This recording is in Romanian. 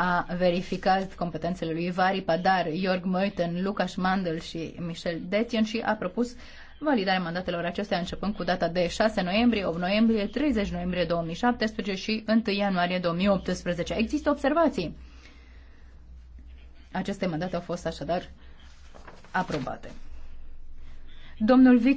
a verificat competențele lui Ivari Padar, Jorg Meuten, Lucas Mandel și Michel Detien și a propus validarea mandatelor acestea începând cu data de 6 noiembrie, 8 noiembrie, 30 noiembrie 2017 și 1 ianuarie 2018. Există observații. Aceste mandate au fost așadar aprobate. Domnul Vic